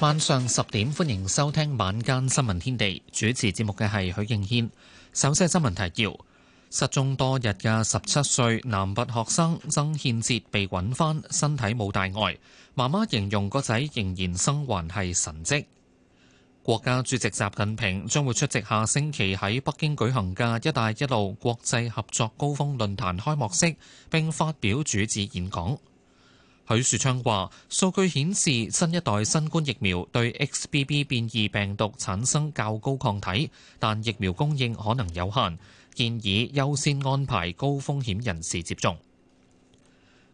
晚上十點，歡迎收聽晚間新聞天地。主持節目嘅係許敬軒。首先係新聞提要：失蹤多日嘅十七歲男拔學生曾憲哲被揾翻，身體冇大礙。媽媽形容個仔仍然生還係神跡。國家主席習近平將會出席下星期喺北京舉行嘅“一帶一路”國際合作高峰論壇開幕式，並發表主旨演講。許樹昌話：數據顯示，新一代新冠疫苗對 XBB 變異病毒產生較高抗體，但疫苗供應可能有限，建議優先安排高風險人士接種。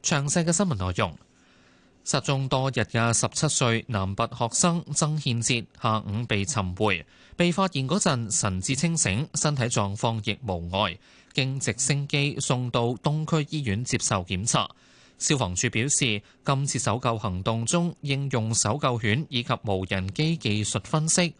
詳細嘅新聞內容：失蹤多日嘅十七歲男拔學生曾憲哲，下午被尋回，被發現嗰陣神志清醒，身體狀況亦無礙，經直升機送到東區醫院接受檢查。消防處表示，今次搜救行動中應用搜救犬以及無人機技術分析，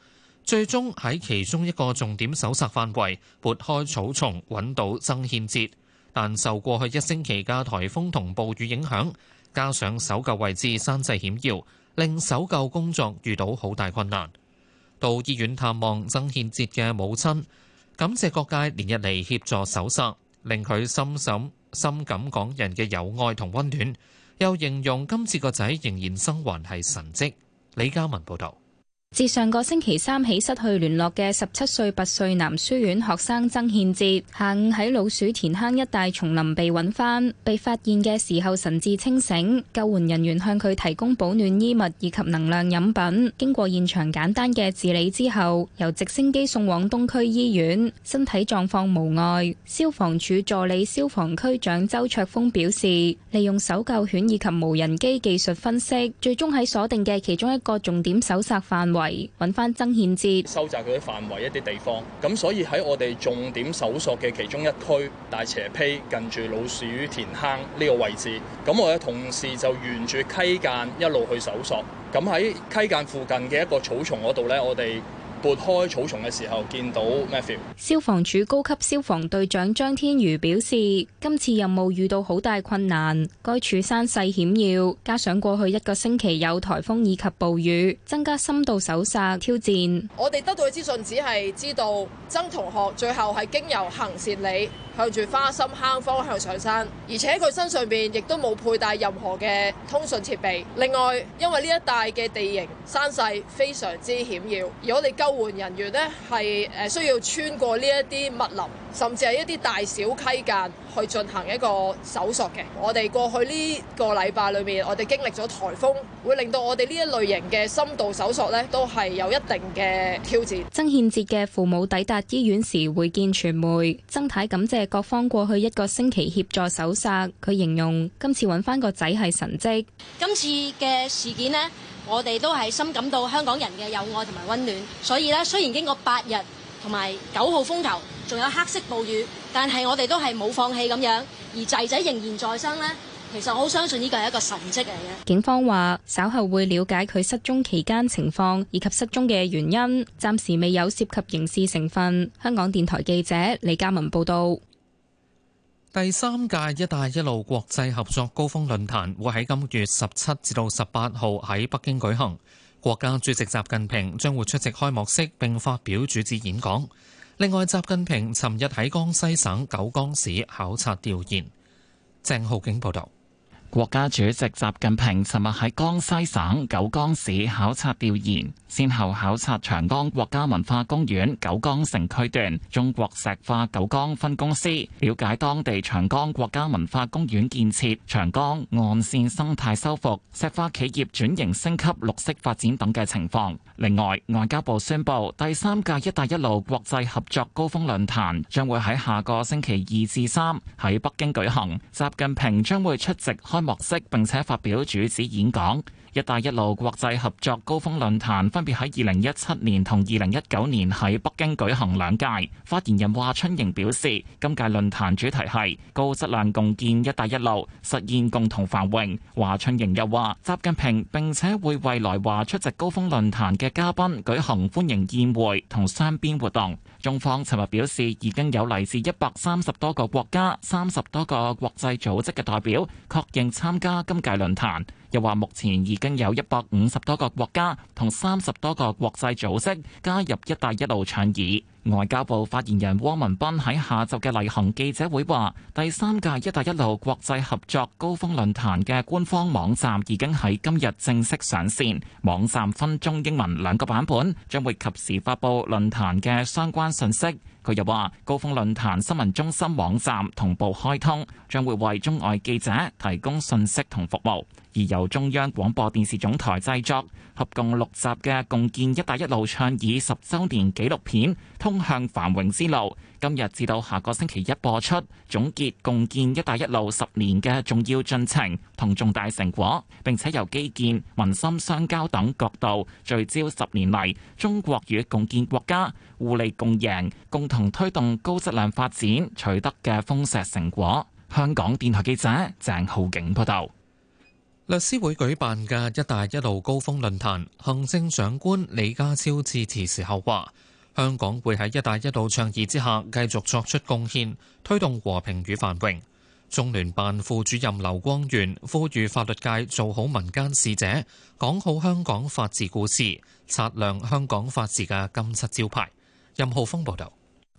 最終喺其中一個重點搜索範圍撥開草叢揾到曾憲哲。但受過去一星期嘅颱風同暴雨影響，加上搜救位置山勢險要，令搜救工作遇到好大困難。到醫院探望曾憲哲嘅母親，感謝各界連日嚟協助搜索，令佢心沈。深感港人嘅友愛同溫暖，又形容今次個仔仍然生還係神蹟，李嘉文報道。自上個星期三起失去聯絡嘅十七歲拔萃男書院學生曾憲哲，下午喺老鼠田坑一帶叢林被揾翻，被發現嘅時候神志清醒。救援人員向佢提供保暖衣物以及能量飲品。經過現場簡單嘅治理之後，由直升機送往東區醫院，身體狀況無礙。消防處助理消防區區長周卓峰表示，利用搜救犬以及無人機技術分析，最終喺鎖定嘅其中一個重點搜索範圍。搵翻曾憲志，收窄佢啲範圍一啲地方，咁所以喺我哋重點搜索嘅其中一區，大斜坡近住老鼠田坑呢個位置，咁我嘅同事就沿住溪澗一路去搜索，咁喺溪澗附近嘅一個草叢嗰度呢，我哋。撥開草叢嘅時候，見到消防處高級消防隊長張天瑜表示，今次任務遇到好大困難，該處山勢險要，加上過去一個星期有颱風以及暴雨，增加深度搜索挑戰。我哋得到嘅資訊只係知道曾同學最後係經由行善里。向住花心坑方向上山，而且佢身上邊亦都冇佩戴任何嘅通訊設備。另外，因為呢一帶嘅地形山勢非常之險要，而我哋救援人員咧係誒需要穿過呢一啲密林，甚至係一啲大小溪澗去進行一個搜索嘅，我哋過去呢個禮拜裏面，我哋經歷咗颱風，會令到我哋呢一類型嘅深度搜索咧都係有一定嘅挑戰。曾憲哲嘅父母抵達醫院時會見傳媒，曾太感謝。各方過去一個星期協助搜索，佢形容今次揾翻個仔係神蹟。今次嘅事件呢，我哋都係深感到香港人嘅友愛同埋溫暖。所以呢，雖然經過八日同埋九號風球，仲有黑色暴雨，但係我哋都係冇放棄咁樣，而仔仔仍然在生呢，其實我好相信呢個係一個神蹟嚟嘅。警方話稍後會了解佢失蹤期間情況以及失蹤嘅原因，暫時未有涉及刑事成分。香港電台記者李嘉文報道。第三屆「一帶一路」國際合作高峰論壇會喺今月十七至到十八號喺北京舉行，國家主席習近平將會出席開幕式並發表主旨演講。另外，習近平尋日喺江西省九江市考察調研。鄭浩景報道。國家主席習近平尋日喺江西省九江市考察調研，先後考察長江國家文化公園九江城區段、中國石化九江分公司，了解當地長江國家文化公園建設、長江岸線生態修復、石化企業轉型升級、綠色發展等嘅情況。另外，外交部宣佈，第三屆“一帶一路”國際合作高峰論壇將會喺下個星期二至三喺北京舉行，習近平將會出席開。獲釋，並且發表主旨演講。“一帶一路”國際合作高峰論壇分別喺二零一七年同二零一九年喺北京舉行兩屆。發言人華春瑩表示，今屆論壇主題係高質量共建“一帶一路”，實現共同繁榮。華春瑩又話，習近平並且會為來華出席高峰論壇嘅嘉賓舉行歡迎宴會同雙邊活動。中方尋日表示，已經有嚟自一百三十多個國家、三十多個國際組織嘅代表確認參加今屆論壇，又話目前已經有一百五十多個國家同三十多個國際組織加入「一帶一路」倡議。外交部發言人汪文斌喺下晝嘅例行記者會話，第三屆「一帶一路」國際合作高峰論壇嘅官方網站已經喺今日正式上線，網站分中英文兩個版本，將會及時發布論壇嘅相關信息。佢又話高峰論壇新聞中心網站同步開通，將會為中外記者提供信息同服務，而由中央廣播電視總台製作。合共六集嘅《共建“一帶一路”倡議十周年紀錄片：通向繁榮之路》，今日至到下個星期一播出，總結共建“一帶一路”十年嘅重要進程同重大成果，並且由基建、民心相交等角度聚焦十年嚟中國與共建國家互利共贏，共同推動高質量發展取得嘅豐碩成果。香港電台記者鄭浩景報道。律師會舉辦嘅「一帶一路」高峰論壇，行政長官李家超致辭時候話：香港會喺「一帶一路」倡議之下，繼續作出貢獻，推動和平與繁榮。中聯辦副主任劉光源呼籲法律界做好民間使者，講好香港法治故事，擦亮香港法治嘅金字招牌。任浩峰報導。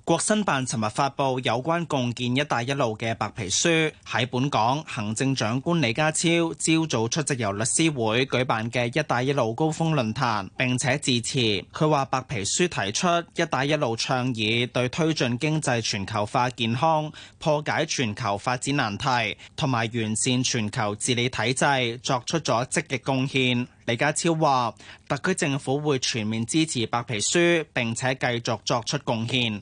國新辦尋日發布有關共建“一帶一路”嘅白皮書。喺本港，行政長官李家超朝早出席由律師會舉辦嘅“一帶一路”高峰論壇，並且致辭。佢話白皮書提出“一帶一路”倡議，對推進經濟全球化健康、破解全球發展難題，同埋完善全球治理體制作出咗積極貢獻。李家超話，特區政府會全面支持白皮書，並且繼續作出貢獻。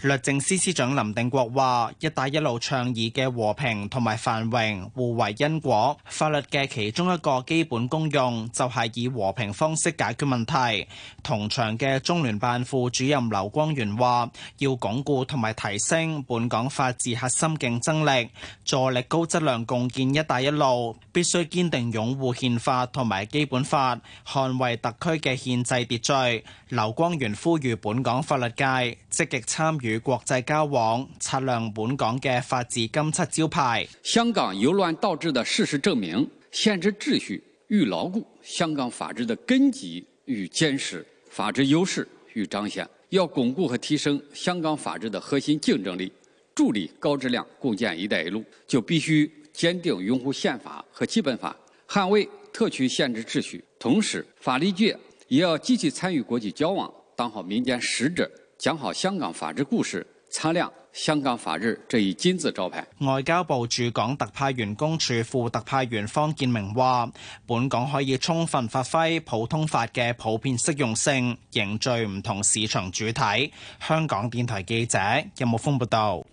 律政司司長林定國話，一帶一路倡議嘅和平同埋繁榮互為因果，法律嘅其中一個基本功用就係、是、以和平方式解決問題。同場嘅中聯辦副主任劉光源話，要鞏固同埋提升本港法治核心競爭力，助力高質量共建一帶一路，必須堅定擁護憲法同埋基本法，捍衛特區嘅憲制秩序。劉光源呼籲本港法律界積極參與國際交往，擦亮本港嘅法治金漆招牌。香港由亂到治的事實證明，憲制秩序愈牢固，香港法治的根基愈堅實，法治優勢愈彰顯。要鞏固和提升香港法治的核心競爭力，助力高質量共建“一帶一路”，就必須堅定擁護憲法和基本法，捍衛特區憲制秩序。同時，法律界也要積極參與國際交往。講好民間使者，講好香港法治故事，擦亮香港法治這一金字招牌。外交部駐港特派員公署副特派員方建明話，本港可以充分發揮普通法嘅普遍適用性，凝聚唔同市場主體。香港電台記者任木峰報道。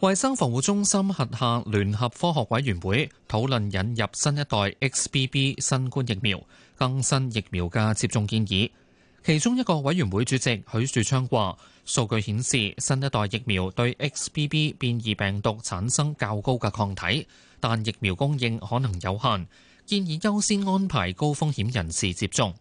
衛生防護中心轄下聯合科學委員會討論引入新一代 XBB 新冠疫苗，更新疫苗嘅接種建議。其中一個委員會主席許樹昌話，數據顯示新一代疫苗對 XBB 變異病毒產生較高嘅抗體，但疫苗供應可能有限，建議優先安排高風險人士接種。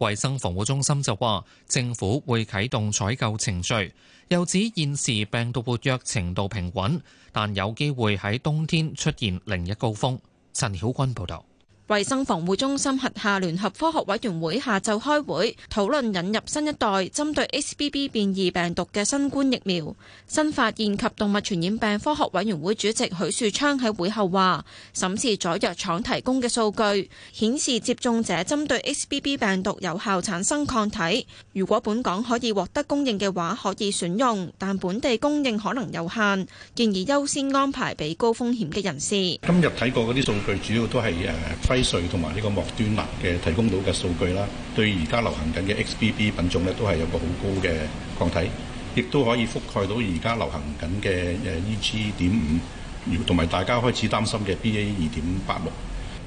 衛生防護中心就話，政府會啟動採購程序，又指現時病毒活躍程度平穩，但有機會喺冬天出現另一高峰。陳曉君報道。衛生防護中心轄下聯合科學委員會下晝開會，討論引入新一代針對 XBB 變異病毒嘅新冠疫苗。新發現及動物傳染病科學委員會主席許樹昌喺會後話，審視咗藥廠提供嘅數據，顯示接種者針對 XBB 病毒有效產生抗體。如果本港可以獲得供應嘅話，可以選用，但本地供應可能有限，建議優先安排俾高風險嘅人士。今日睇過嗰啲數據，主要都係誒。低稅同埋呢個莫德納嘅提供到嘅數據啦，對而家流行緊嘅 XBB 品種咧，都係有個好高嘅抗體，亦都可以覆蓋到而家流行緊嘅誒 EG 點五，同埋大家開始擔心嘅 BA 二點八六。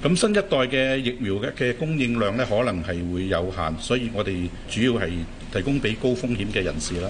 咁新一代嘅疫苗嘅供應量咧，可能係會有限，所以我哋主要係提供俾高風險嘅人士啦。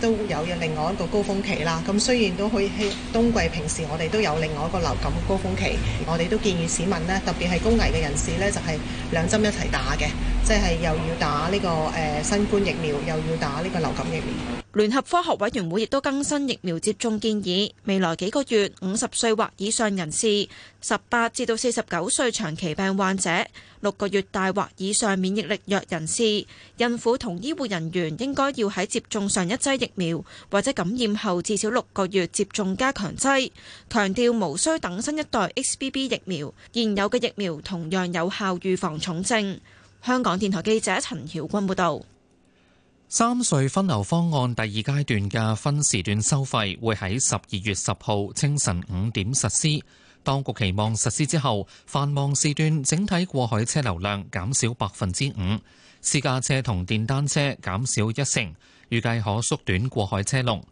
都有有另外一個高峯期啦。咁雖然都可以喺冬季平時，我哋都有另外一個流感高峯期。我哋都建議市民咧，特別係高危嘅人士咧，就係兩針一齊打嘅，即係又要打呢個誒新冠疫苗，又要打呢個流感疫苗。聯合科學委員會亦都更新疫苗接種建議，未來幾個月，五十歲或以上人士、十八至到四十九歲長期病患者、六個月大或以上免疫力弱人士、孕婦同醫護人員，應該要喺接種上一劑疫苗。疫苗或者感染後至少六個月接種加強劑，強調無需等新一代 XBB 疫苗，現有嘅疫苗同樣有效預防重症。香港電台記者陳曉君報道。三隧分流方案第二階段嘅分時段收費會喺十二月十號清晨五點實施，當局期望實施之後繁忙時段整體過海車流量減少百分之五，私家車同電單車減少一成。預計可縮短過海車龍，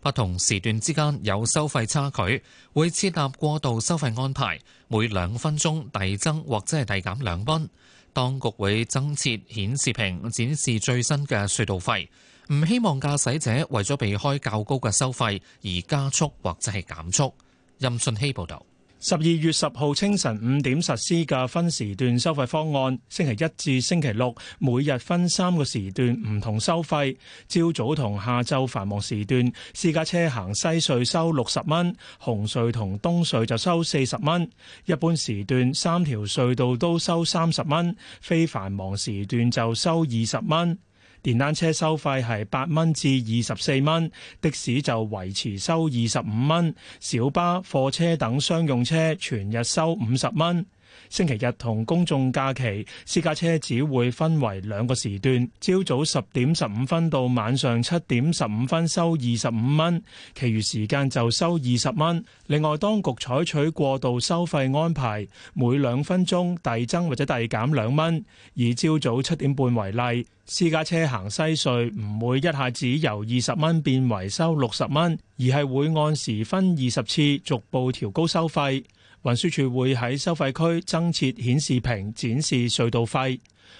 不同時段之間有收費差距，會設立過渡收費安排，每兩分鐘遞增或者係遞減兩蚊，當局會增設顯示屏展示最新嘅隧道費，唔希望駕駛者為咗避開較高嘅收費而加速或者係減速。任信希報道。十二月十號清晨五點實施嘅分時段收費方案，星期一至星期六每日分三個時段唔同收費。朝早同下晝繁忙時段，私家車行西隧收六十蚊，紅隧同東隧就收四十蚊。一般時段三條隧道都收三十蚊，非繁忙時段就收二十蚊。電單車收費係八蚊至二十四蚊，的士就維持收二十五蚊，小巴、貨車等商用車全日收五十蚊。星期日同公眾假期私家車只會分為兩個時段，朝早十點十五分到晚上七點十五分收二十五蚊，其餘時間就收二十蚊。另外，當局採取過渡收費安排，每兩分鐘遞增或者遞減兩蚊。以朝早七點半為例，私家車行西隧唔會一下子由二十蚊變為收六十蚊，而係會按時分二十次逐步調高收費。運輸署會喺收費區增設顯示屏展示隧道費。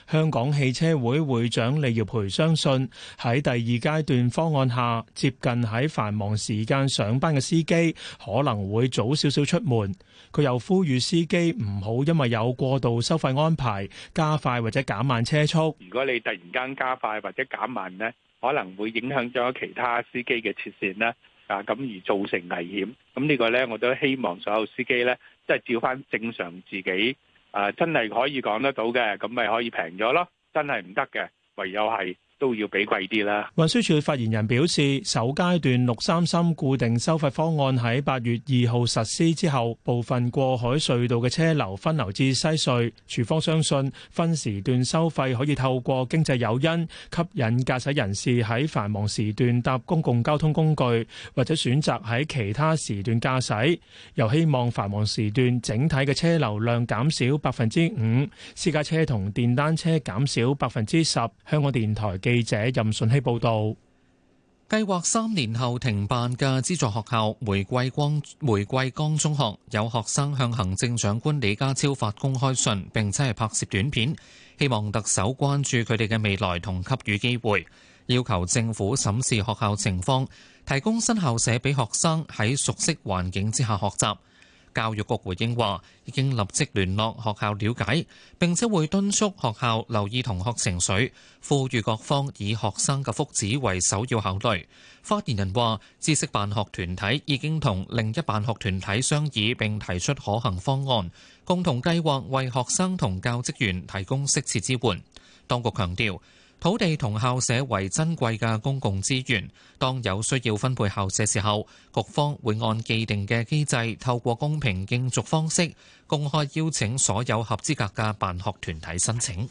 香港汽車會會長李耀培相信喺第二階段方案下，接近喺繁忙時間上班嘅司機可能會早少少出門。佢又呼籲司機唔好因為有過度收費安排加快或者減慢車速。如果你突然間加快或者減慢呢，可能會影響咗其他司機嘅切線啦，啊咁而造成危險。咁呢個呢，我都希望所有司機呢。即係照翻正常自己，誒、呃、真係可以講得到嘅，咁咪可以平咗咯。真係唔得嘅，唯有係。都要比貴啲啦。運輸署嘅發言人表示，首階段六三三固定收費方案喺八月二號實施之後，部分過海隧道嘅車流分流至西隧。署方相信分時段收費可以透過經濟誘因，吸引駕駛人士喺繁忙時段搭公共交通工具，或者選擇喺其他時段駕駛，又希望繁忙時段整體嘅車流量減少百分之五，私家車同電單車減少百分之十。香港電台記。記者任順希報道，計劃三年後停辦嘅資助學校玫瑰光玫瑰崗中學有學生向行政長官李家超發公開信，並且係拍攝短片，希望特首關注佢哋嘅未來同給予機會，要求政府審視學校情況，提供新校舍俾學生喺熟悉環境之下學習。教育局回應話，已經立即聯絡學校了解，並且會敦促學校留意同學情緒，呼籲各方以學生嘅福祉為首要考慮。發言人話，知識辦學團體已經同另一辦學團體商議，並提出可行方案，共同計劃為學生同教職員提供適切支援。當局強調，土地同校舍為珍貴嘅公共資源，當有需要分配校舍時候，局方會按既定嘅機制，透過公平競逐方式，公開邀請所有合資格嘅辦學團體申請。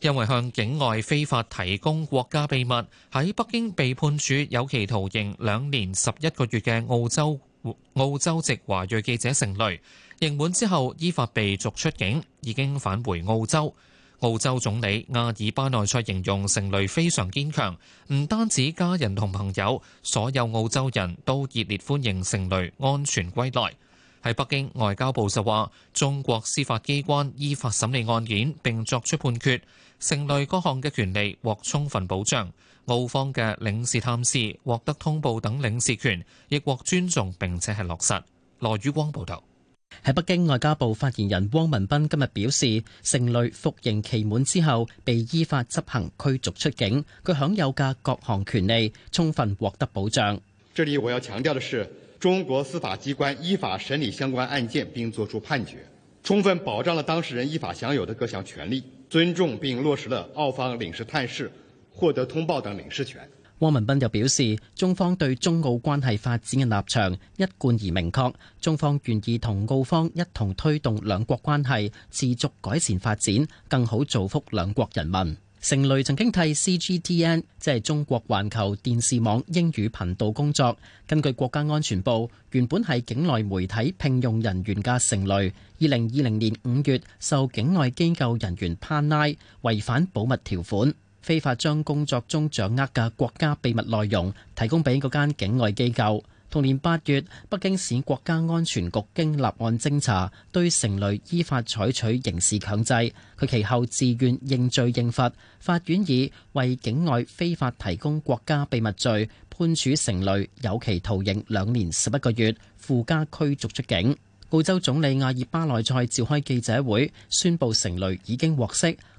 因為向境外非法提供國家秘密，喺北京被判處有期徒刑兩年十一個月嘅澳洲澳洲籍華裔記者成蕾，刑滿之後依法被逐出境，已經返回澳洲。澳洲總理阿爾巴內塞形容成蕾非常堅強，唔單止家人同朋友，所有澳洲人都熱烈歡迎成蕾安全歸來。喺北京，外交部就話，中國司法機關依法審理案件，並作出判決，成蕾各項嘅權利獲充分保障，澳方嘅領事探視、獲得通報等領事權亦獲尊重，並且係落實。羅宇光報道。喺北京，外交部發言人汪文斌今日表示，成蕾服刑期滿之後被依法執行驅逐出境，佢享有嘅各項權利充分獲得保障。這裏我要強調的是，中國司法機關依法審理相關案件並作出判決，充分保障了當事人依法享有的各項權利，尊重並落實了澳方領事探視、獲得通報等領事權。汪文斌又表示，中方對中澳關係發展嘅立場一貫而明確，中方願意同澳方一同推動兩國關係持續改善發展，更好造福兩國人民。成蕾曾經替 CGTN，即係中國環球電視網英語頻道工作。根據國家安全部，原本係境內媒體聘用人員嘅成蕾，二零二零年五月受境外機構人員攀拉，拉，違反保密條款。非法將工作中掌握嘅國家秘密內容提供俾嗰間境外機構。同年八月，北京市國家安全局經立案偵查，對成蕾依法採取刑事強制。佢其後自願認罪認罰，法院以為境外非法提供國家秘密罪判處成蕾有期徒刑兩年十一個月，附加驅逐出境。澳洲總理阿爾巴內塞召開記者會，宣布成蕾已經獲釋。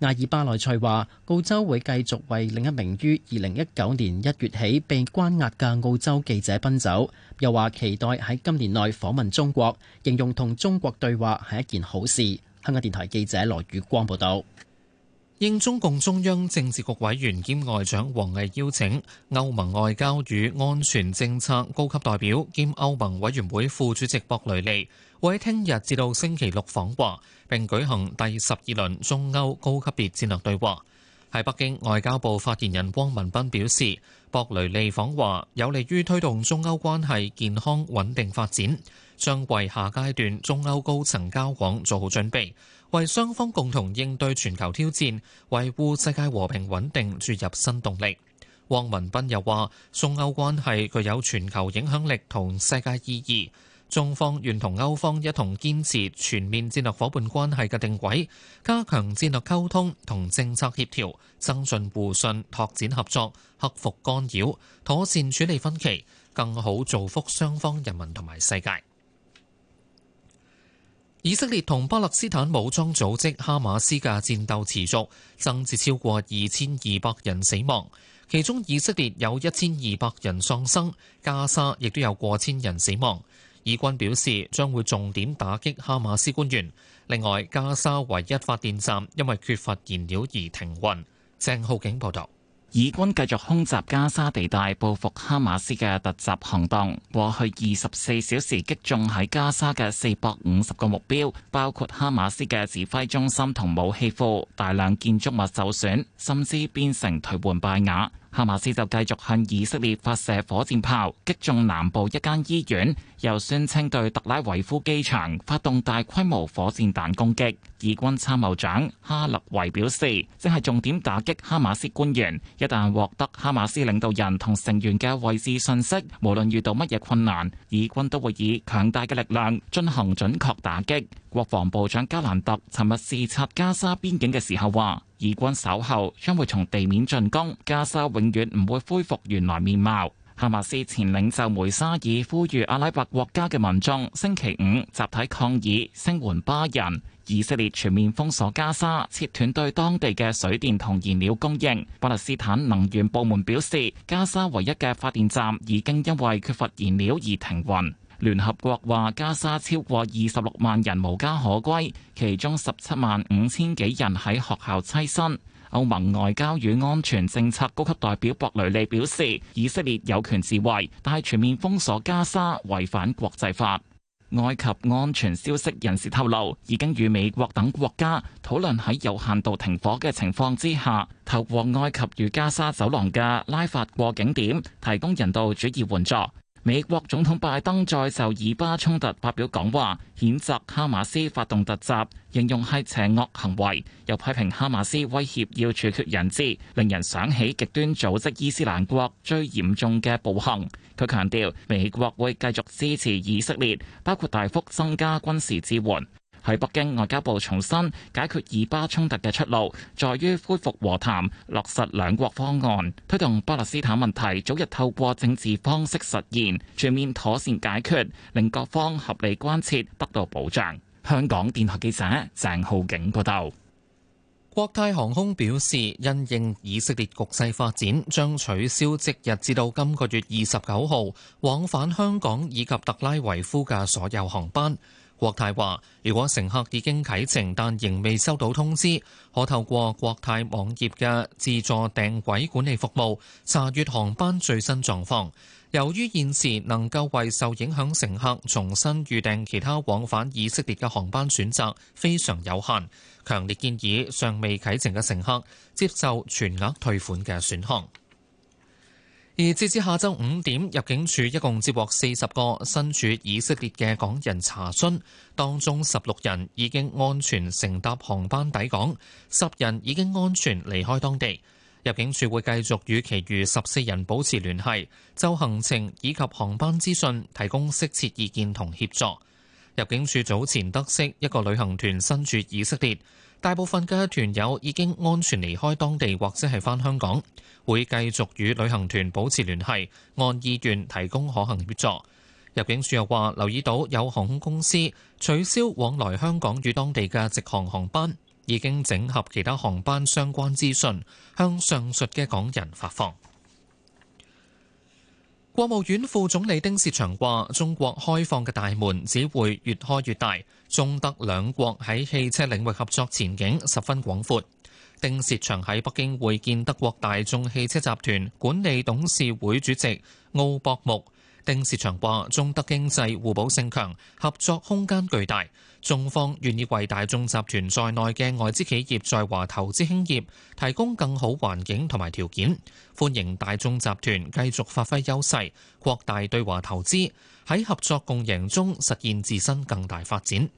阿爾巴內塞話：澳洲會繼續為另一名於二零一九年一月起被關押嘅澳洲記者奔走，又話期待喺今年內訪問中國，形容同中國對話係一件好事。香港電台記者羅宇光報道。應中共中央政治局委員兼外長王毅邀請，歐盟外交與安全政策高級代表兼歐盟委員會副主席博雷利。會喺聽日至到星期六訪華並舉行第十二輪中歐高級別戰略對話。喺北京，外交部發言人汪文斌表示，博雷利訪華有利於推動中歐關係健康穩定發展，將為下階段中歐高層交往做好準備，為雙方共同應對全球挑戰、維護世界和平穩定注入新動力。汪文斌又話，中歐關係具有全球影響力同世界意義。中方願同歐方一同堅持全面戰略伙伴關係嘅定位，加強戰略溝通同政策協調，增進互信，拓展合作，克服干擾，妥善處理分歧，更好造福雙方人民同埋世界。以色列同巴勒斯坦武裝組織哈馬斯嘅戰鬥持續，增至超過二千二百人死亡，其中以色列有一千二百人喪生，加沙亦都有過千人死亡。以軍表示將會重點打擊哈馬斯官員。另外，加沙唯一發電站因為缺乏燃料而停運。鄭浩景報導。以軍繼續空襲加沙地帶，報復哈馬斯嘅突襲行動。過去二十四小時擊中喺加沙嘅四百五十個目標，包括哈馬斯嘅指揮中心同武器庫，大量建築物受損，甚至變成頹垣敗瓦。哈馬斯就繼續向以色列發射火箭炮，擊中南部一間醫院，又宣稱對特拉維夫機場發動大規模火箭彈攻擊。以軍參謀長哈立維表示，淨係重點打擊哈馬斯官員。一旦獲得哈馬斯領導人同成員嘅位置信息，無論遇到乜嘢困難，以軍都會以強大嘅力量進行準確打擊。國防部長加蘭特尋日視察加沙邊境嘅時候話，以軍守候將會從地面進攻，加沙永遠唔會恢復原來面貌。哈馬斯前領袖梅沙爾呼籲阿拉伯國家嘅民眾星期五集體抗議，聲援巴人。以色列全面封鎖加沙，切斷對當地嘅水電同燃料供應。巴勒斯坦能源部門表示，加沙唯一嘅發電站已經因為缺乏燃料而停運。聯合國話加沙超過二十六萬人無家可歸，其中十七萬五千幾人喺學校棲身。歐盟外交與安全政策高級代表博雷利表示，以色列有權自衛，但係全面封鎖加沙，違反國際法。埃及安全消息人士透露，已經與美國等國家討論喺有限度停火嘅情況之下，透過埃及與加沙走廊嘅拉法過境點提供人道主義援助。美國總統拜登在就以巴衝突發表講話，譴責哈馬斯發動突襲，形容係邪惡行為，又批評哈馬斯威脅要處決人質，令人想起極端組織伊斯蘭國最嚴重嘅暴行。佢強調，美國會繼續支持以色列，包括大幅增加軍事支援。喺北京外交部重申，解決以巴衝突嘅出路，在於恢復和談，落實兩國方案，推動巴勒斯坦問題早日透過政治方式實現全面妥善解決，令各方合理關切得到保障。香港電台記者鄭浩景報道。國泰航空表示，因應以色列局勢發展，將取消即日至到今個月二十九號往返香港以及特拉維夫嘅所有航班。國泰話：如果乘客已經啟程但仍未收到通知，可透過國泰網頁嘅自助訂位管理服務查閱航班最新狀況。由於現時能夠為受影響乘客重新預訂其他往返以色列嘅航班選擇非常有限，強烈建議尚未啟程嘅乘客接受全額退款嘅選項。而截至下晝五點入境處一共接獲四十個身處以色列嘅港人查詢，當中十六人已經安全乘搭航班抵港，十人已經安全離開當地。入境處會繼續與其餘十四人保持聯繫，就行程以及航班資訊提供適切意見同協助。入境處早前得悉一個旅行團身處以色列。大部分嘅團友已經安全離開當地，或者係返香港，會繼續與旅行團保持聯繫，按意願提供可行協助。入境處又話留意到有航空公司取消往來香港與當地嘅直航航班，已經整合其他航班相關資訊，向上述嘅港人發放。國務院副總理丁薛祥話：中國開放嘅大門只會越開越大。中德兩國喺汽車領域合作前景十分廣闊。丁薛祥喺北京會見德國大眾汽車集團管理董事會主席奧博木。丁薛祥話：中德經濟互補性強，合作空間巨大。中方願意為大眾集團在內嘅外資企業在華投資興業提供更好環境同埋條件，歡迎大眾集團繼續發揮優勢，擴大對華投資，喺合作共贏中實現自身更大發展。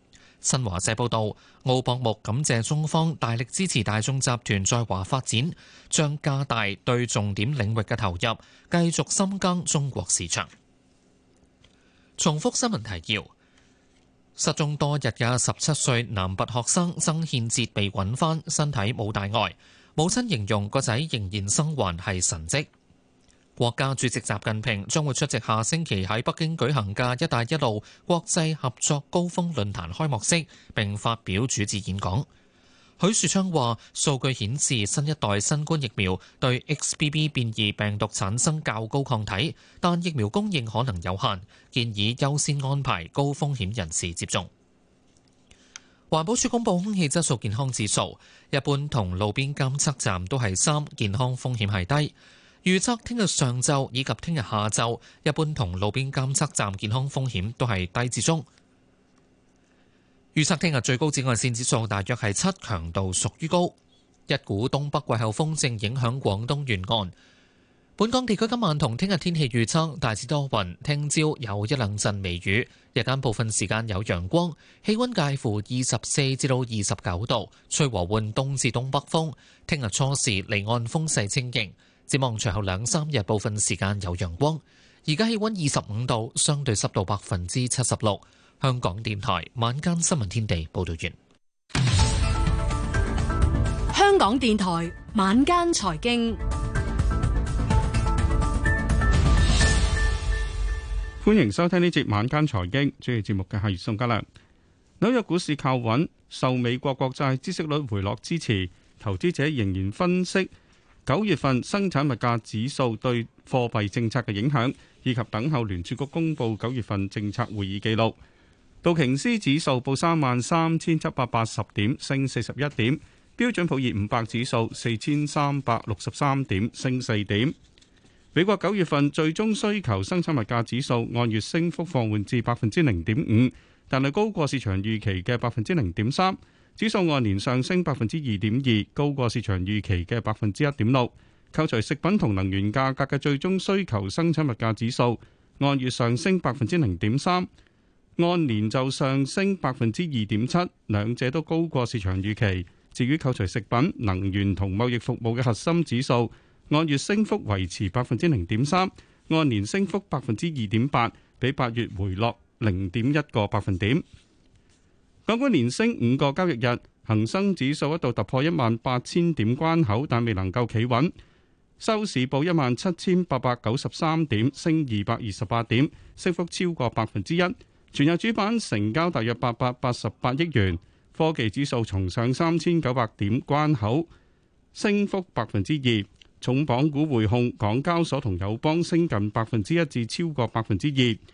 新華社報道，奧博木感謝中方大力支持大眾集團在華發展，將加大對重點領域嘅投入，繼續深耕中國市場。重複新聞提要：失蹤多日嘅十七歲男拔學生曾憲哲被揾翻，身體冇大礙，母親形容個仔仍然生還係神蹟。國家主席習近平將會出席下星期喺北京舉行嘅“一帶一路”國際合作高峰論壇開幕式，並發表主旨演講。許樹昌話，數據顯示新一代新冠疫苗對 XBB 變異病毒產生較高抗體，但疫苗供應可能有限，建議優先安排高風險人士接種。環保署公布空氣質素健康指數，一般同路邊監測站都係三，健康風險係低。預測聽日上晝以及聽日下晝，一般同路邊監測站健康風險都係低至中。預測聽日最高紫外線指數大約係七，強度屬於高。一股東北季候風正影響廣東沿岸，本港地區今晚同聽日天氣預測大致多雲，聽朝有一兩陣微雨，日間部分時間有陽光，氣溫介乎二十四至到二十九度，吹和緩東至東北風。聽日初時離岸風勢清勁。展望隨後兩三日部分時間有陽光，而家氣溫二十五度，相對濕度百分之七十六。香港電台晚間新聞天地報道完。香港電台晚間財經，歡迎收聽呢節晚間財經，主持節目嘅係宋嘉良。紐約股市靠穩，受美國國債孳息率回落支持，投資者仍然分析九月份生產物價指數對貨幣政策嘅影響，以及等候聯儲局公布九月份政策會議記錄。道瓊斯指數報三萬三千七百八十點，升四十一點。標準普爾五百指數四千三百六十三點，升四點。美國九月份最終需求生產物價指數按月升幅放緩至百分之零點五，但係高過市場預期嘅百分之零點三。指數按年上升百分之二點二，高過市場預期嘅百分之一點六。扣除食品同能源價格嘅最終需求生產物價指數，按月上升百分之零點三，按年就上升百分之二點七，兩者都高過市場預期。至於扣除食品、能源同貿易服務嘅核心指數，按月升幅維持百分之零點三，按年升幅百分之二點八，比八月回落零點一個百分點。港股連升五個交易日，恒生指數一度突破一萬八千點關口，但未能夠企穩，收市報一萬七千八百九十三點，升二百二十八點，升幅超過百分之一。全日主板成交大約八百八十八億元。科技指數重上三千九百點關口，升幅百分之二。重磅股匯控、港交所同友邦升近百分之一至超過百分之二。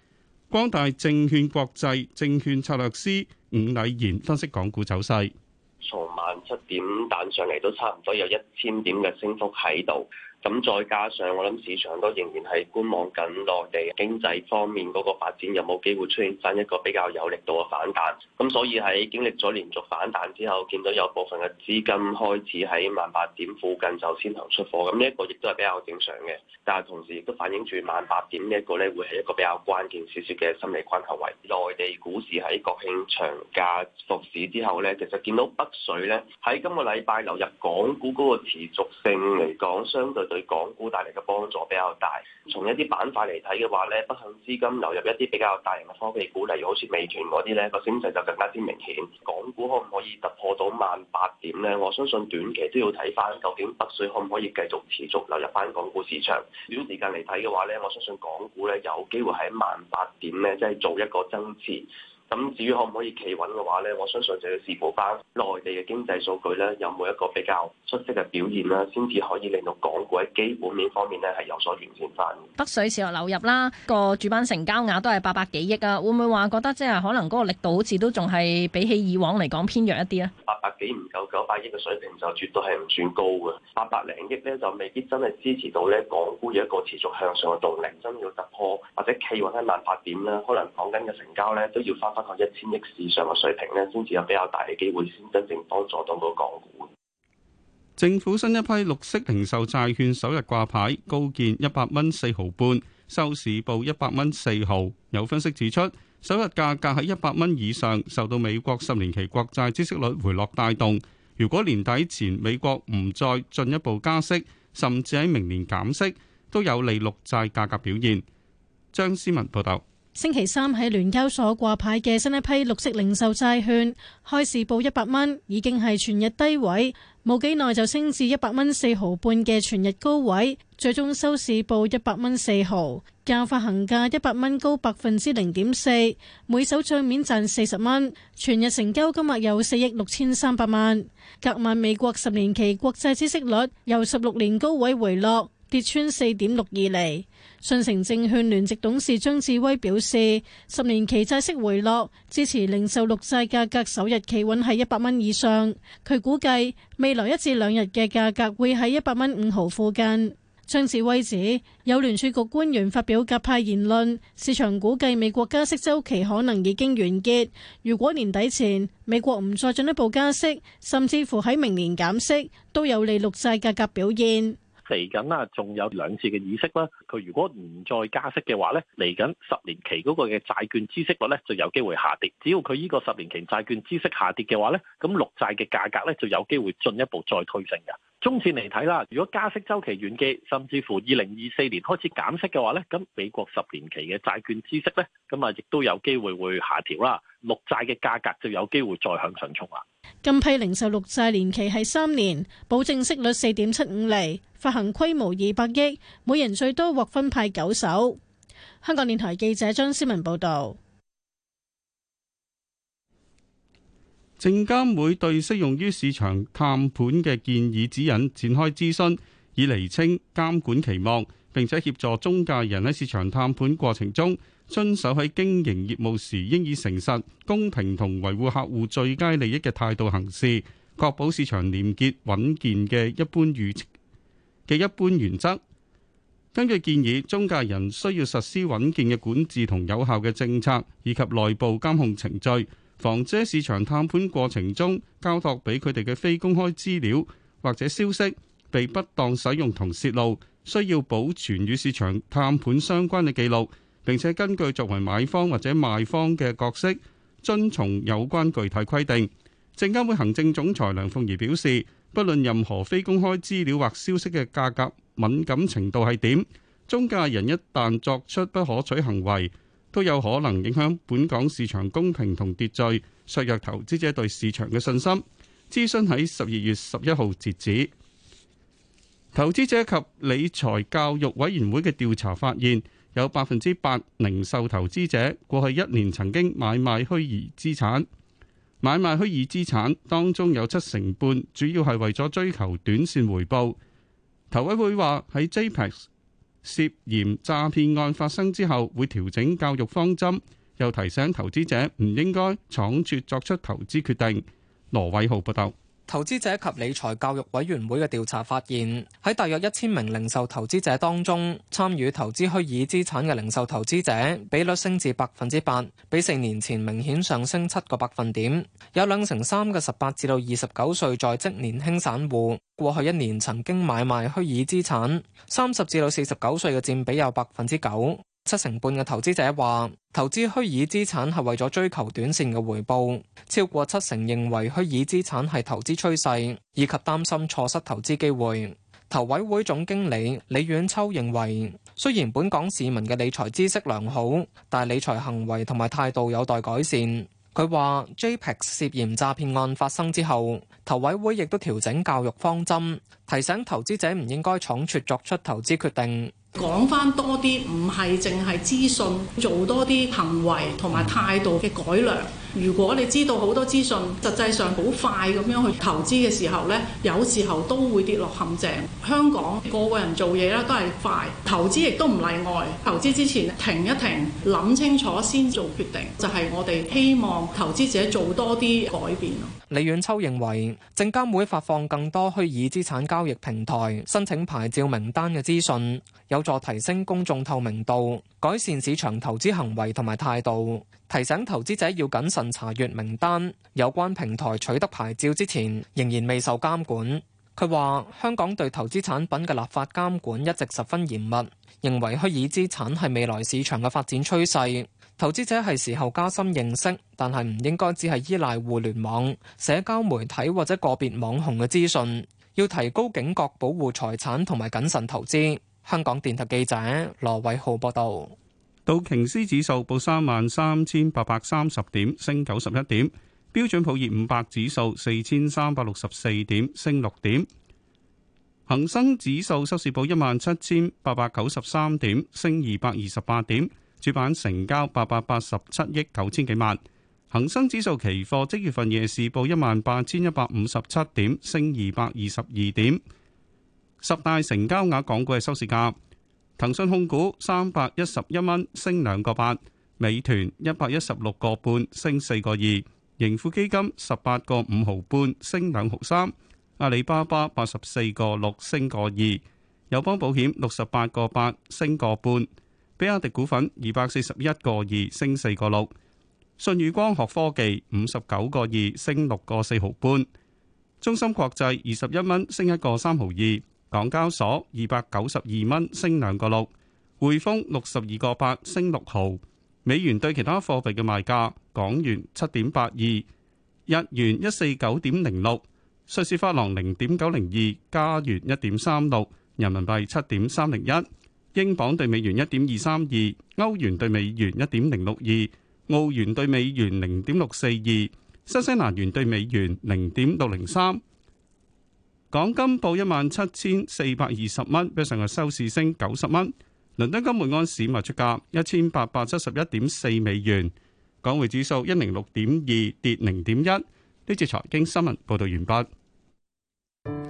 光大證券國際證券策略師。伍禮賢分析港股走勢，從晚七點彈上嚟都差唔多有一千點嘅升幅喺度。咁再加上我諗市場都仍然係觀望緊內地經濟方面嗰個發展有冇機會出現翻一個比較有力度嘅反彈，咁所以喺經歷咗連續反彈之後見到有部分嘅資金開始喺萬八點附近就先行出貨，咁呢一個亦都係比較正常嘅，但係同時亦都反映住萬八點呢一個咧會係一個比較關鍵少少嘅心理關口位。內地股市喺國慶長假復市之後咧，其實見到北水咧喺今個禮拜流入港股嗰個持續性嚟講，相對對。港股帶嚟嘅幫助比較大，從一啲板塊嚟睇嘅話咧，北向資金流入一啲比較大型嘅科技股，例如好似美團嗰啲咧，個升勢就更加之明顯。港股可唔可以突破到萬八點咧？我相信短期都要睇返，究竟北水可唔可以繼續持續流入返港股市場？短時間嚟睇嘅話咧，我相信港股咧有機會喺萬八點咧，即係做一個增持。咁至於可唔可以企穩嘅話咧，我相信就要視乎翻內地嘅經濟數據咧，有冇一個比較出色嘅表現啦，先至可以令到港股喺基本面方面咧係有所完善翻。北水持續流入啦，個主板成交額都係八百幾億啊，會唔會話覺得即係可能嗰個力度好似都仲係比起以往嚟講偏弱一啲啊？八百幾唔夠九百億嘅水平就絕對係唔算高嘅，八百零億咧就未必真係支持到咧港股有一個持續向上嘅動力，真要突破或者企穩喺萬八點咧，可能講緊嘅成交咧都要花。包括一千億以上嘅水平呢，先至有比較大嘅機會先真正幫助到個港股。政府新一批綠色零售債券首日掛牌，高見一百蚊四毫半，收市報一百蚊四毫。有分析指出，首日價格喺一百蚊以上，受到美國十年期國債孳息率回落帶動，如果年底前美國唔再進一步加息，甚至喺明年減息，都有利綠債價格表現。張思文報道。星期三喺聯交所掛牌嘅新一批綠色零售債券開市報一百蚊，已經係全日低位，冇幾耐就升至一百蚊四毫半嘅全日高位，最終收市報一百蚊四毫，較發行價一百蚊高百分之零點四，每手賬面賺四十蚊，全日成交金額有四億六千三百萬。隔晚美國十年期國債孳息率由十六年高位回落，跌穿四點六二厘。信誠證券聯席董事張智威表示，十年期債息回落，支持零售綠債價格首日企穩喺一百蚊以上。佢估計未來一至兩日嘅價格會喺一百蚊五毫附近。張智威指，有聯儲局官員發表鴿派言論，市場估計美國加息週期可能已經完結。如果年底前美國唔再進一步加息，甚至乎喺明年減息，都有利綠債價格表現。嚟緊啊，仲有兩次嘅意識啦。佢如果唔再加息嘅話咧，嚟緊十年期嗰個嘅債券孳息率咧就有機會下跌。只要佢呢個十年期債券孳息下跌嘅話咧，咁綠債嘅價格咧就有機會進一步再推升嘅。中線嚟睇啦，如果加息周期遠基，甚至乎二零二四年開始減息嘅話咧，咁美國十年期嘅債券孳息咧，咁啊亦都有機會會下調啦，綠債嘅價格就有機會再向上衝啊！近批零售綠債年期係三年，保證息率四點七五厘，發行規模二百億，每人最多獲分派九手。香港電台記者張思文報道。證監會對適用於市場探盤嘅建議指引展開諮詢，以厘清監管期望，並且協助中介人喺市場探盤過程中。遵守喺經營業務時應以誠實公平同維護客戶最佳利益嘅態度行事，確保市場廉潔穩健嘅一般預嘅一般原則。根據建議，中介人需要實施穩健嘅管治同有效嘅政策，以及內部監控程序。防止市場探盤過程中，交託俾佢哋嘅非公開資料或者消息被不當使用同洩露，需要保存與市場探盤相關嘅記錄。並且根據作為買方或者賣方嘅角色，遵從有關具體規定。證監會行政總裁梁鳳儀表示，不論任何非公開資料或消息嘅價格敏感程度係點，中介人一旦作出不可取行為，都有可能影響本港市場公平同秩序，削弱投資者對市場嘅信心。諮詢喺十二月十一號截止，投資者及理財教育委員會嘅調查發現，有百分之八零售投資者過去一年曾經買賣虛擬資產，買賣虛擬資產當中有七成半主要係為咗追求短線回報。投委會話喺 JPEX 涉嫌詐騙案發生之後，會調整教育方針，又提醒投資者唔應該倉促作出投資決定。羅偉浩報道。投資者及理財教育委員會嘅調查發現，喺大約一千名零售投資者當中，參與投資虛擬資產嘅零售投資者比率升至百分之八，比四年前明顯上升七個百分點。有兩成三嘅十八至到二十九歲在職年輕散戶，過去一年曾經買賣虛擬資產，三十至到四十九歲嘅佔比有百分之九。七成半嘅投資者話，投資虛擬資產係為咗追求短線嘅回報，超過七成認為虛擬資產係投資趨勢，以及擔心錯失投資機會，投委會總經理李遠秋認為，雖然本港市民嘅理財知識良好，但理財行為同埋態度有待改善。佢話 JPEX 涉嫌詐騙案發生之後，投委會亦都調整教育方針，提醒投資者唔應該倉促作出投資決定。講翻多啲，唔係淨係資訊，做多啲行為同埋態度嘅改良。如果你知道好多資訊，實際上好快咁樣去投資嘅時候呢，有時候都會跌落陷阱。香港個個人做嘢啦，都係快，投資亦都唔例外。投資之前停一停，諗清楚先做決定，就係我哋希望投資者做多啲改變。李遠秋認為，證監會發放更多虛擬資產交易平台申請牌照名單嘅資訊，有助提升公眾透明度，改善市場投資行為同埋態度。提醒投資者要謹慎查閱名單，有關平台取得牌照之前，仍然未受監管。佢話香港對投資產品嘅立法監管一直十分嚴密，認為虛擬資產係未來市場嘅發展趨勢，投資者係時候加深認識，但係唔應該只係依賴互聯網社交媒體或者個別網紅嘅資訊，要提高警覺，保護財產同埋謹慎投資。香港電台記者羅偉浩報道。道瓊斯指數報三萬三千八百三十點，升九十一點；標準普爾五百指數四千三百六十四點，升六點；恒生指數收市報一萬七千八百九十三點，升二百二十八點。主板成交八百八十七億九千幾萬。恒生指數期貨即月份夜市報一萬八千一百五十七點，升二百二十二點。十大成交額港股嘅收市價。騰訊控股三百一十一蚊升兩個八，美團一百一十六個半升四個二，盈富基金十八個五毫半升兩毫三，阿里巴巴八十四個六升個二，友邦保險六十八個八升個半，比亞迪股份二百四十一個二升四個六，舜宇光學科技五十九個二升六個四毫半，中芯國際二十一蚊升一個三毫二。港交所二百九十二蚊升兩個六，匯豐六十二個八升六毫，美元對其他貨幣嘅賣價，港元七點八二，日元一四九點零六，瑞士法郎零點九零二，加元一點三六，人民幣七點三零一，英鎊對美元一點二三二，歐元對美元一點零六二，澳元對美元零點六四二，新西蘭元對美元零點六零三。港金報一萬七千四百二十蚊，比上日收市升九十蚊。倫敦金每盎司賣出價一千八百七十一點四美元。港匯指數一零六點二跌零點一。呢次財經新聞報道完畢。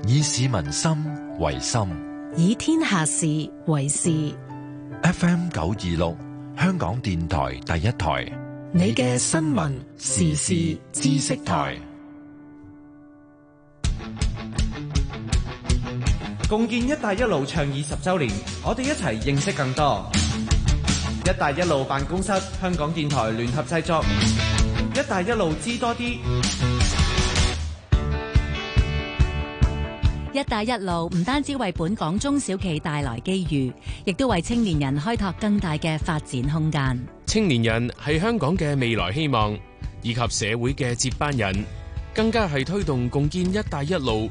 以市民心為心，以天下事為事。F M 九二六，香港電台第一台，你嘅新聞時事知識台。共建“一帶一路”倡議十周年，我哋一齊認識更多“一帶一路”辦公室，香港電台聯合製作，一一《一帶一路》知多啲。“一帶一路”唔單止為本港中小企帶來機遇，亦都為青年人開拓更大嘅發展空間。青年人係香港嘅未來希望，以及社會嘅接班人，更加係推動共建“一帶一路”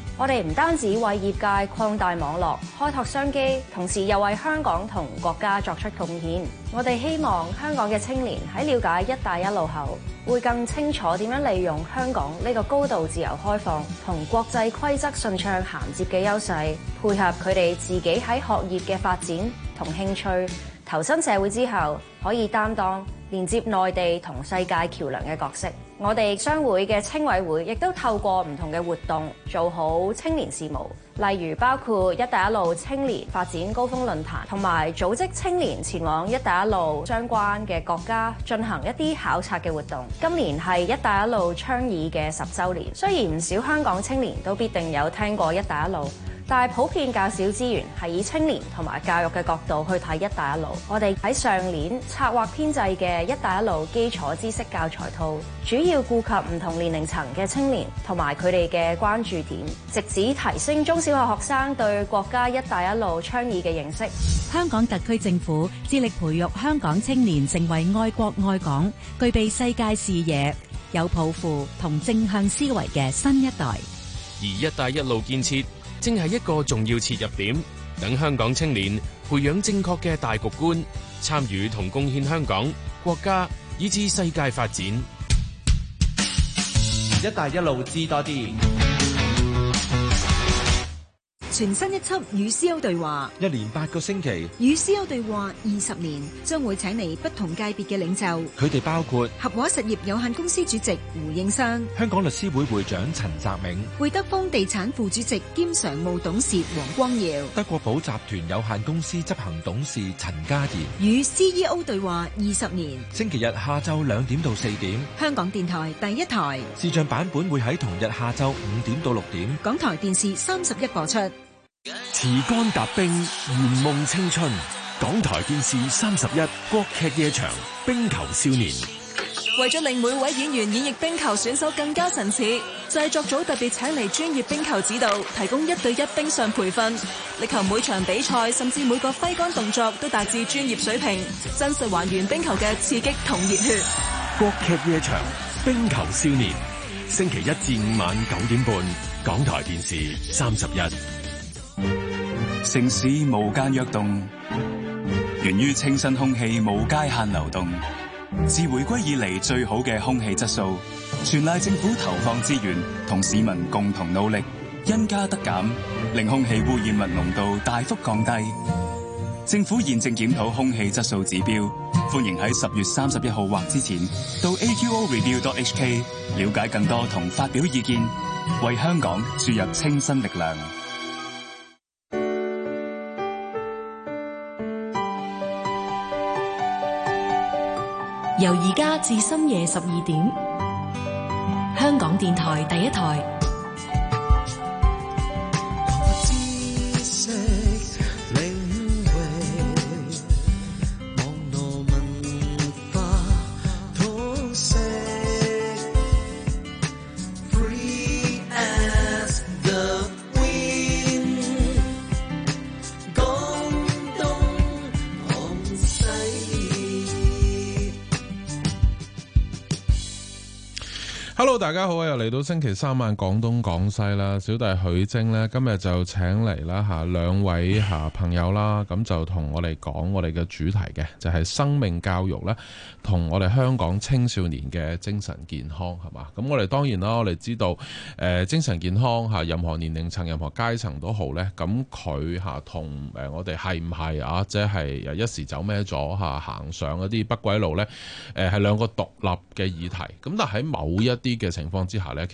我哋唔單止為業界擴大網絡、開拓商機，同時又為香港同國家作出貢獻。我哋希望香港嘅青年喺了解“一帶一路”後，會更清楚點樣利用香港呢個高度自由開放同國際規則順暢銜接嘅優勢，配合佢哋自己喺學業嘅發展同興趣，投身社會之後，可以擔當連接內地同世界橋樑嘅角色。我哋商會嘅青委會亦都透過唔同嘅活動做好青年事務，例如包括一帶一路青年發展高峰論壇，同埋組織青年前往一帶一路相關嘅國家進行一啲考察嘅活動。今年係一帶一路倡議嘅十周年，雖然唔少香港青年都必定有聽過一帶一路。但普遍較少資源係以青年同埋教育嘅角度去睇一帶一路。我哋喺上年策劃編製嘅一帶一路基礎知識教材套，主要顧及唔同年齡層嘅青年同埋佢哋嘅關注點，旨在提升中小學學生對國家一帶一路倡議嘅認識。香港特區政府致力培育香港青年成為愛國愛港、具備世界視野、有抱負同正向思維嘅新一代。而一帶一路建設，正係一個重要切入點，等香港青年培養正確嘅大局觀，參與同貢獻香港、國家，以至世界發展。一帶一路知多啲。全新一輯與 CEO 對話，一年八個星期，與 CEO 對話二十年，將會請嚟不同界別嘅領袖，佢哋包括合和實業有限公司主席胡應湘、香港律師會會長陳澤銘、會德豐地產副主席兼常務董事黃光耀、德國寶集團有限公司執行董事陳嘉賢。與 CEO 對話二十年，星期日下晝兩點到四點，香港電台第一台視像版本會喺同日下晝五點到六點，港台電視三十一播出。持竿踏冰，圓夢青春。港台電視三十一，國劇夜場《冰球少年》。為咗令每位演員演繹冰球選手更加神似，製作組特別請嚟專業冰球指導，提供一對一冰上培訓，力求每場比賽甚至每個揮杆動作都達至專業水平，真實還原冰球嘅刺激同熱血。國劇夜場《冰球少年》，星期一至五晚九點半，港台電視三十一。城市無間躍動，源於清新空氣無界限流動。自回歸以嚟最好嘅空氣質素，全賴政府投放資源同市民共同努力，因加得減，令空氣污染物濃度大幅降低。政府現正檢討空氣質素指標，歡迎喺十月三十一號或之前到 AQOreview.hk 了解更多同發表意見，為香港注入清新力量。由而家至深夜十二點，香港電台第一台。大家好，又嚟到星期三晚廣東廣西啦，小弟許晶咧，今日就請嚟啦吓兩位吓朋友啦，咁就同我哋講我哋嘅主題嘅，就係生命教育咧，同我哋香港青少年嘅精神健康係嘛？咁我哋當然啦，我哋知道誒，精神健康吓，任何年齡層、任何階層都好咧，咁佢吓同誒我哋係唔係啊？即係一時走咩咗吓，行上一啲不歸路咧？誒，係兩個獨立嘅議題。咁但喺某一啲嘅警方接下來。